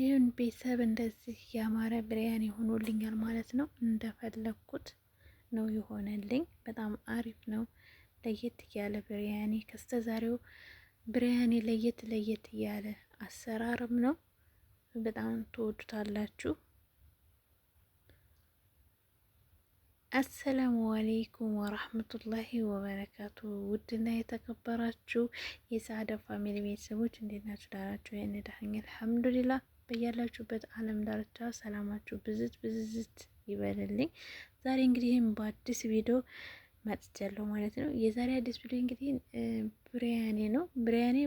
ይህን ቤተሰብ እንደዚህ ያማረ ብሪያን ይሆኑልኛል ማለት ነው። እንደፈለግኩት ነው የሆነልኝ። በጣም አሪፍ ነው። ለየት እያለ ብሪያኒ ከስተ ዛሬው ብሪያኒ ለየት ለየት እያለ አሰራርም ነው። በጣም ትወዱታላችሁ። አሰላሙ አሌይኩም ወራህመቱላሂ ወበረካቱ። ውድና የተከበራችሁ የሰዓዳ ፋሚሊ ቤተሰቦች እንዴት ናችሁ? ዳናችሁ? የእኔ ዳህኝ አልሐምዱሊላህ በያላችሁበት ዓለም ዳርቻ ሰላማችሁ ብዝት ብዝዝት ይበልልኝ። ዛሬ እንግዲህ ይህም በአዲስ ቪዲዮ መጥቻለሁ ማለት ነው። የዛሬ አዲስ ቪዲዮ እንግዲህ ብሪያኔ ነው። ብሪያኔ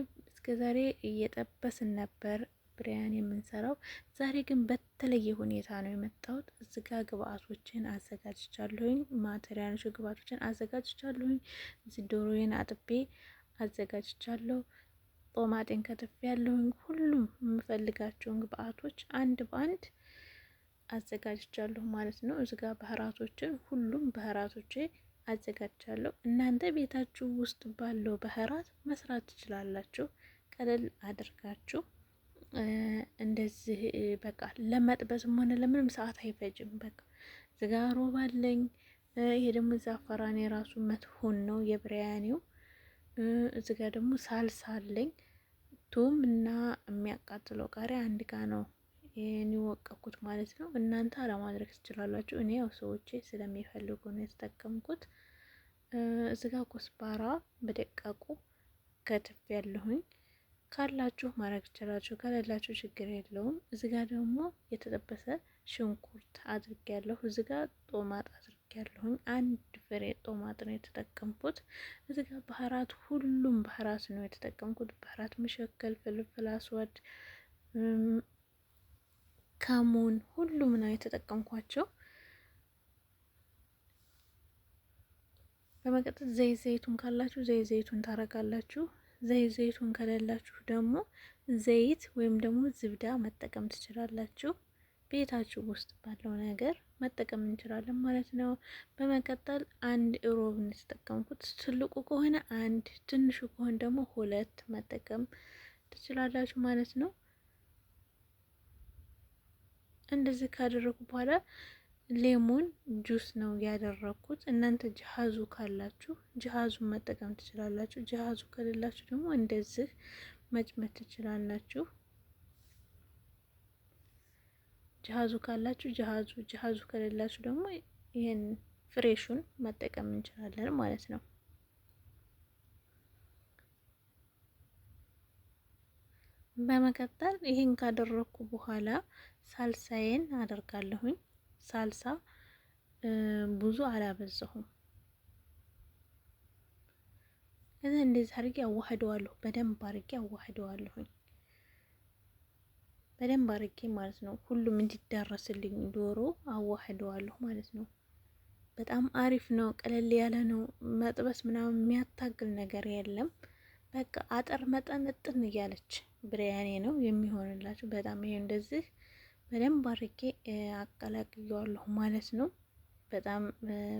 ዛሬ እየጠበስን ነበር ብሪያኒ የምንሰራው። ዛሬ ግን በተለየ ሁኔታ ነው የመጣሁት። ስጋ ጋ ግብአቶችን አዘጋጅቻለሁኝ። ማቴሪያሎች ግብአቶችን አዘጋጅቻለሁኝ። ዶሮዬን አጥቤ አዘጋጅቻለሁ። ጦማጤን ከተፍ ያለውን ሁሉም የምፈልጋቸውን ግብአቶች አንድ በአንድ አዘጋጅቻለሁ ማለት ነው። እዚጋ ባህራቶችን ሁሉም ባህራቶቼ አዘጋጅቻለሁ። እናንተ ቤታችሁ ውስጥ ባለው ባህራት መስራት ትችላላችሁ። ቀለል አድርጋችሁ እንደዚህ በቃ ለመጥበስም ሆነ ለምንም ሰዓት አይፈጅም። በቃ እዚጋ ሮብ አለኝ። ይሄ ደግሞ ዛፈራኔ የራሱ መትሆን ነው የብሪያኒው እዚህ ጋር ደግሞ ሳልሳ አለኝ። ቱም እና የሚያቃጥለው ቃሪያ አንድ ጋ ነው የሚወቀኩት ማለት ነው። እናንተ አለማድረግ ትችላላችሁ። እኔ ያው ሰዎቼ ስለሚፈልጉ ነው የተጠቀምኩት። እዚህ ጋር ኮስባራ በደቃቁ ከትፍ ያለሁኝ ካላችሁ ማድረግ ትችላችሁ፣ ከሌላችሁ ችግር የለውም። እዚህ ጋር ደግሞ የተጠበሰ ሽንኩርት አድርጌ ያለሁ። እዚህ ጋር ጦማጥ አድርጌ ያለሁኝ አንድ ፍሬ ጦማት ነው የተጠቀምኩት። እዚህ ጋር ባህራት፣ ሁሉም ባህራት ነው የተጠቀምኩት። ባህራት መሸከል፣ ፍልፍል አስወድ፣ ከሙን ሁሉም ነው የተጠቀምኳቸው። በመቀጠል ዘይት ዘይቱን ካላችሁ ዘይት ዘይቱን ታረጋላችሁ። ዘይት ዘይቱን ከሌላችሁ ደግሞ ዘይት ወይም ደግሞ ዝብዳ መጠቀም ትችላላችሁ። ቤታችሁ ውስጥ ባለው ነገር መጠቀም እንችላለን ማለት ነው። በመቀጠል አንድ ሮብን የተጠቀምኩት ትልቁ ከሆነ አንድ፣ ትንሹ ከሆነ ደግሞ ሁለት መጠቀም ትችላላችሁ ማለት ነው። እንደዚህ ካደረኩ በኋላ ሌሞን ጁስ ነው ያደረኩት። እናንተ ጅሃዙ ካላችሁ ጅሃዙን መጠቀም ትችላላችሁ። ጅሃዙ ከሌላችሁ ደግሞ እንደዚህ መጭመት ትችላላችሁ። ጅሃዙ ካላችሁ ጅሃዙ፣ ጅሀዙ ከሌላችሁ ደግሞ ይህን ፍሬሹን መጠቀም እንችላለን ማለት ነው። በመቀጠል ይህን ካደረኩ በኋላ ሳልሳዬን አደርጋለሁኝ። ሳልሳ ብዙ አላበዛሁም። እዚህ እንደዚህ አድርጌ አዋህደዋለሁ። በደንብ አድርጌ አዋህደዋለሁኝ። በደንብ አርጌ ማለት ነው ሁሉም እንዲዳረስልኝ ዶሮ አዋህደዋለሁ ማለት ነው። በጣም አሪፍ ነው፣ ቀለል ያለ ነው። መጥበስ ምናምን የሚያታግል ነገር የለም። በቃ አጠር መጠን እጥን እያለች ብርያኔ ነው የሚሆንላችሁ። በጣም ይሄ እንደዚህ በደንብ አርጌ አቀላቅየዋለሁ ማለት ነው። በጣም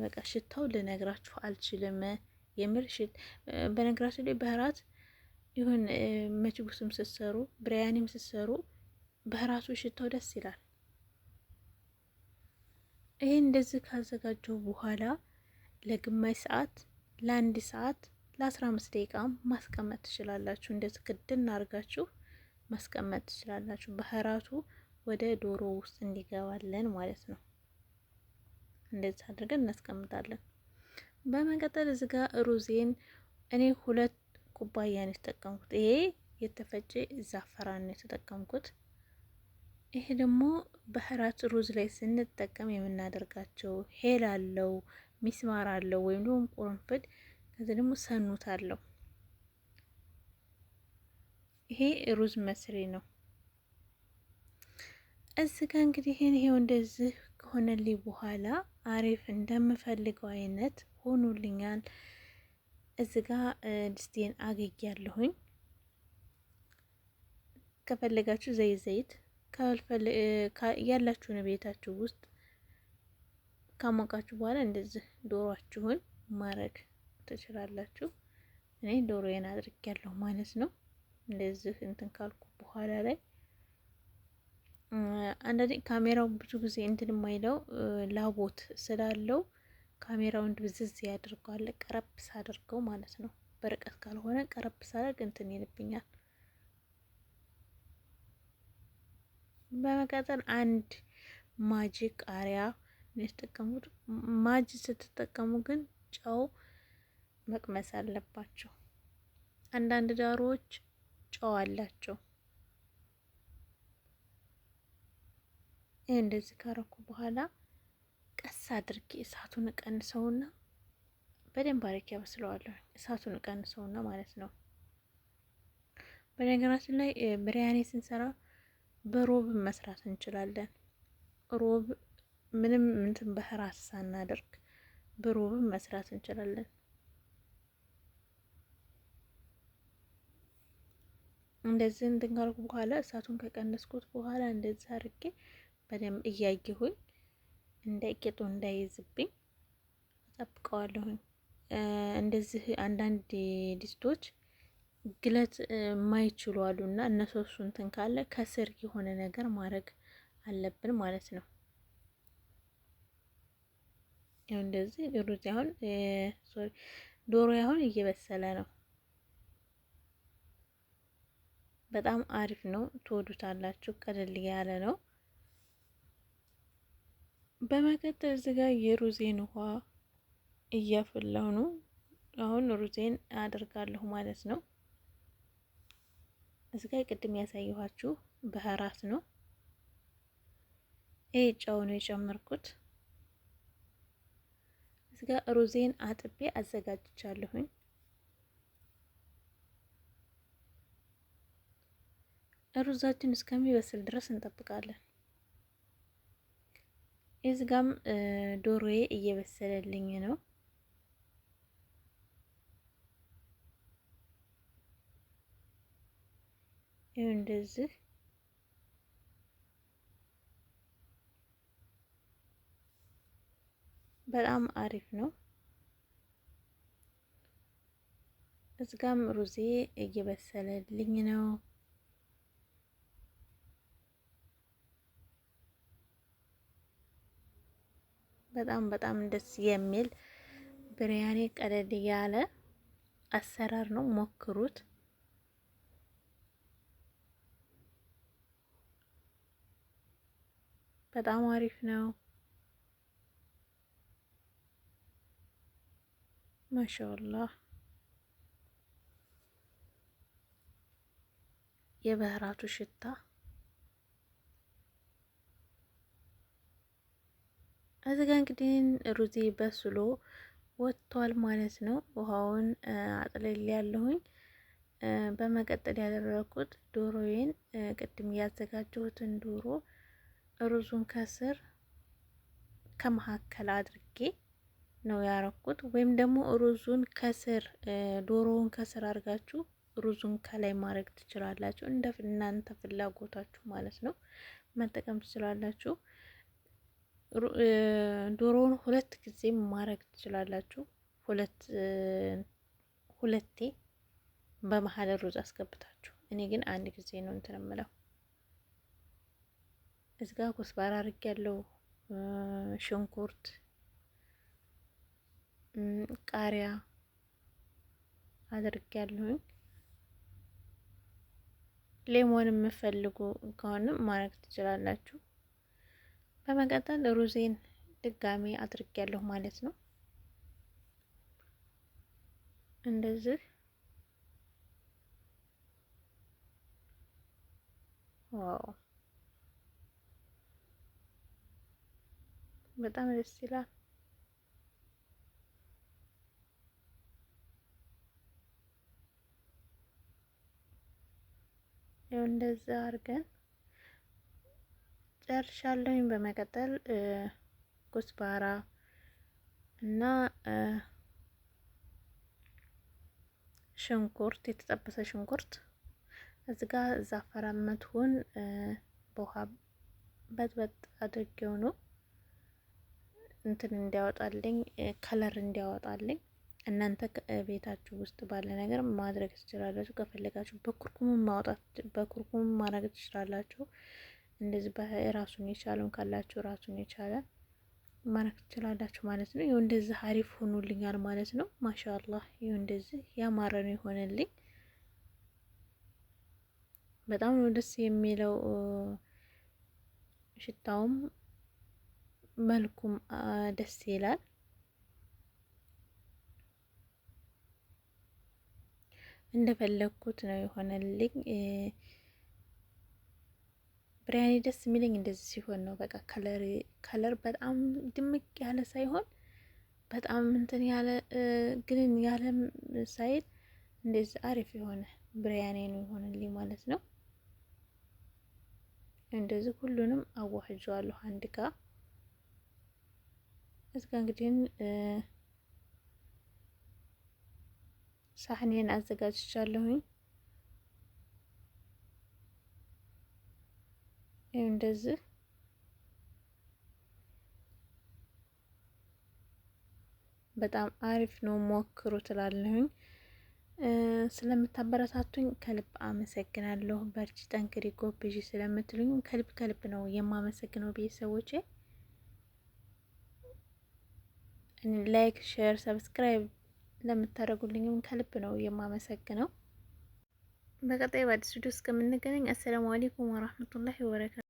በቃ ሽታው ልነግራችሁ አልችልም። የምር በነግራችሁ ላይ ባህራት ይሁን መችጉስም ስትሰሩ ብርያኔም ስትሰሩ በራሱ ሽታው ደስ ይላል። ይህ እንደዚህ ካዘጋጀው በኋላ ለግማሽ ሰዓት፣ ለአንድ ሰዓት፣ ለአስራ አምስት ደቂቃ ማስቀመጥ ትችላላችሁ። እንደዚህ ክድን አድርጋችሁ ማስቀመጥ ትችላላችሁ። በህራቱ ወደ ዶሮ ውስጥ እንዲገባለን ማለት ነው። እንደዚህ አድርገን እናስቀምጣለን። በመቀጠል እዚህ ጋር ሩዜን እኔ ሁለት ኩባያ ነው የተጠቀምኩት። ይሄ የተፈጨ ዛፈራን ነው የተጠቀምኩት። ይሄ ደግሞ ባህራት ሩዝ ላይ ስንጠቀም የምናደርጋቸው ሄል አለው፣ ሚስማር አለው ወይም ደግሞ ቁርንፍድ፣ ከዚህ ደግሞ ሰኑት አለው። ይሄ ሩዝ መስሪ ነው። እዚህ ጋ እንግዲህ ይሄን ይሄው እንደዚህ ከሆነልኝ በኋላ አሪፍ እንደምፈልገው አይነት ሆኖልኛል። እዚህ ጋ ድስቴን አግግ ያለሁኝ ከፈለጋችሁ ዘይት ዘይት ያላችሁን ቤታችሁ ውስጥ ካሞቃችሁ በኋላ እንደዚህ ዶሯችሁን ማድረግ ትችላላችሁ። እኔ ዶሮዬን አድርግ ያለው ማለት ነው። እንደዚህ እንትን ካልኩ በኋላ ላይ አንዳንዴ ካሜራው ብዙ ጊዜ እንትን የማይለው ላቦት ስላለው ካሜራውን ብዝዝ ያደርገዋል፣ ቀረብ ሳደርገው ማለት ነው። በርቀት ካልሆነ ቀረብ ሳደርግ እንትን ይልብኛል። በመቀጠል አንድ ማጂ ቃሪያ ነው የተጠቀሙት። ማጅ ስትጠቀሙ ግን ጨው መቅመስ አለባቸው። አንዳንድ ዳሮዎች ጨው አላቸው። ይህ እንደዚህ ካረኩ በኋላ ቀስ አድርጌ እሳቱን እቀንሰውና በደንብ አድርጌ አበስለዋለሁ። እሳቱን እቀንሰውና ማለት ነው። በነገራችን ላይ ብሪያኔ ስንሰራ በሮብ መስራት እንችላለን። ሮብ ምንም እንትን በህራት ሳናደርግ በሮብ መስራት እንችላለን። እንደዚህ እንትን ካልኩ በኋላ እሳቱን ከቀነስኩት በኋላ እንደዚህ አድርጌ በደንብ እያየሁኝ እንዳይቄጡ እንዳይዝብኝ እጠብቀዋለሁኝ። እንደዚህ አንዳንድ ድስቶች ማይችሉ አሉ እና እነሱ እንትን ካለ ከስር የሆነ ነገር ማድረግ አለብን ማለት ነው። ያው እንደዚህ ሩዝ አሁን ሶሪ ዶሮ አሁን እየበሰለ ነው። በጣም አሪፍ ነው፣ ትወዱታላችሁ። ቀለል ያለ ነው። በመቀጠል እዚህ ጋር የሩዜን ውሃ እያፈላሁ ነው። አሁን ሩዜን አደርጋለሁ ማለት ነው። እዚህ ቅድም ያሳየኋችሁ ባህራት ነው። ይህ ጨው ነው የጨመርኩት። እዚህ ጋር ሩዜን አጥቤ አዘጋጅቻለሁኝ። ሩዛችን እስከሚበስል ድረስ እንጠብቃለን። እዚህ ጋም ዶሮዬ እየበሰለልኝ ነው። ይኸው እንደዚህ በጣም አሪፍ ነው። እዝጋም ሩዜ እየበሰለልኝ ነው። በጣም በጣም ደስ የሚል ብርያኔ ቀለል ያለ አሰራር ነው። ሞክሩት። በጣም አሪፍ ነው። ማሻአላህ የበህራቱ ሽታ እዚህ ጋ እንግዲህ ሩዜ በስሎ ወጥቷል ማለት ነው። ውሃውን አጥለል ያለሁኝ በመቀጠል ያደረኩት ዶሮዬን ቅድም ያዘጋጀሁትን ዶሮ ሩዙን ከስር ከመካከል አድርጌ ነው ያረኩት። ወይም ደግሞ ሩዙን ከስር ዶሮውን ከስር አድርጋችሁ ሩዙን ከላይ ማድረግ ትችላላችሁ። እንደ እናንተ ፍላጎታችሁ ማለት ነው መጠቀም ትችላላችሁ። ዶሮውን ሁለት ጊዜ ማድረግ ትችላላችሁ። ሁለቴ በመሀል ሩዝ አስገብታችሁ። እኔ ግን አንድ ጊዜ ነው እንትን የምለው። እዚህ ጋር ኮስባራ አርግ ያለው ሽንኩርት፣ ቃሪያ አድርግ ያለሁኝ። ሌሞን የምፈልጉ ከሆንም ማድረግ ትችላላችሁ። በመቀጠል ሩዜን ድጋሜ አድርግ ያለሁ ማለት ነው። እንደዚህ ዋው በጣም ደስ ይላል። ያው እንደዛ አድርገን ጨርሻለሁኝ። በመቀጠል ኩስባራ እና ሽንኩርት የተጠበሰ ሽንኩርት እዚ ጋ እዛ በውሃ በጥበጥ አድርጌው ነው እንትን እንዲያወጣልኝ ከለር እንዲያወጣልኝ እናንተ ቤታችሁ ውስጥ ባለ ነገር ማድረግ ትችላላችሁ። ከፈለጋችሁ በኩርኩም ማውጣት በኩርኩም ማድረግ ትችላላችሁ። እንደዚህ ራሱን የቻለም ካላችሁ ራሱን የቻለ ማድረግ ትችላላችሁ ማለት ነው። ይኸው እንደዚህ አሪፍ ሆኖልኛል ማለት ነው። ማሻአላህ ይኸው እንደዚህ ያማረ ነው የሆነልኝ። በጣም ነው ደስ የሚለው ሽታውም መልኩም ደስ ይላል። እንደፈለግኩት ነው የሆነልኝ። ብሪያኒ ደስ የሚለኝ እንደዚህ ሲሆን ነው። በቃ ከለር ከለር በጣም ድምቅ ያለ ሳይሆን በጣም እንትን ያለ ግን ያለ ሳይል እንደዚህ አሪፍ የሆነ ብሪያኒ ነው የሆነልኝ ማለት ነው። እንደዚህ ሁሉንም አዋህጀዋለሁ አንድ ጋር እዚጋ እንግዲህ ሳህኔን አዘጋጅቻለሁኝ። ይህ እንደዚህ በጣም አሪፍ ነው፣ ሞክሩ ትላለሁኝ። ስለምታበረታቱኝ ከልብ አመሰግናለሁ። በርቺ፣ ጠንክሪ፣ ስለምትሉኝ ከልብ ከልብ ነው የማመሰግነው ቤተሰቦቼ። ላይክ፣ ሼር፣ ሰብስክራይብ ለምታደርጉልኝም ከልብ ነው የማመሰግነው። በቀጣይ በአዲስ ቪዲዮ እስከምንገናኝ አሰላሙ አሌይኩም ወራህመቱላሂ ወበረካቱ።